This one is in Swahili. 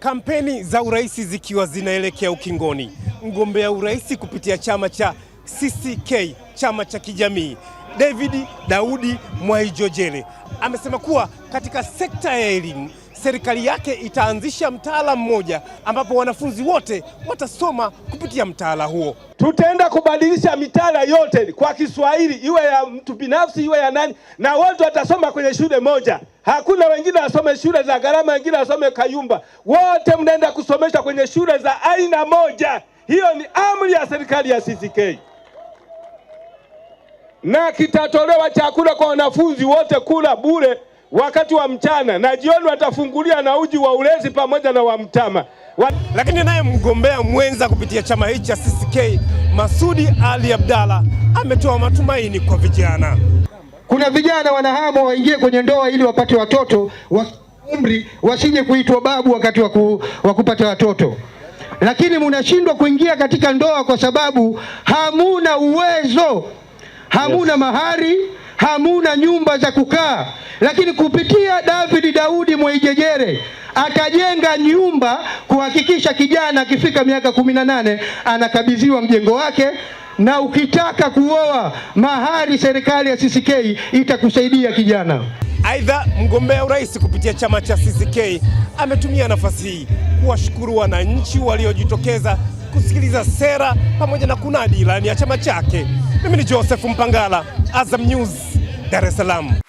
Kampeni za urais zikiwa zinaelekea ukingoni, mgombea urais kupitia chama cha CCK, chama cha kijamii, David Daudi Mwaijojele amesema kuwa katika sekta ya elimu serikali yake itaanzisha mtaala mmoja ambapo wanafunzi wote watasoma kupitia mtaala huo. Tutaenda kubadilisha mitaala yote kwa Kiswahili, iwe ya mtu binafsi, iwe ya nani, na wote watasoma kwenye shule moja. Hakuna wengine wasome shule za gharama, wengine wasome Kayumba. Wote mnaenda kusomeshwa kwenye shule za aina moja. Hiyo ni amri ya serikali ya CCK, na kitatolewa chakula kwa wanafunzi wote, kula bure wakati wa mchana na jioni watafungulia na uji wa ulezi pamoja na wa mtama wa... Lakini naye mgombea mwenza kupitia chama hichi cha CCK Masudi Ali Abdalla ametoa matumaini kwa vijana. Kuna vijana wanahama waingie kwenye ndoa ili wapate watoto wa umri, wasije kuitwa babu wakati wa kupata watoto, lakini mnashindwa kuingia katika ndoa kwa sababu hamuna uwezo, hamuna yes, mahari hamuna nyumba za kukaa, lakini kupitia David Daudi Mwaijegere akajenga nyumba kuhakikisha kijana akifika miaka kumi na nane anakabidhiwa mjengo wake na ukitaka kuoa mahari, serikali ya CCK itakusaidia kijana. Aidha, mgombea urais kupitia chama cha CCK ametumia nafasi hii kuwashukuru wananchi waliojitokeza kusikiliza sera pamoja na kunadi ilani ya chama chake. Mimi ni Joseph Mpangala, Azam News. Dar es Salaam.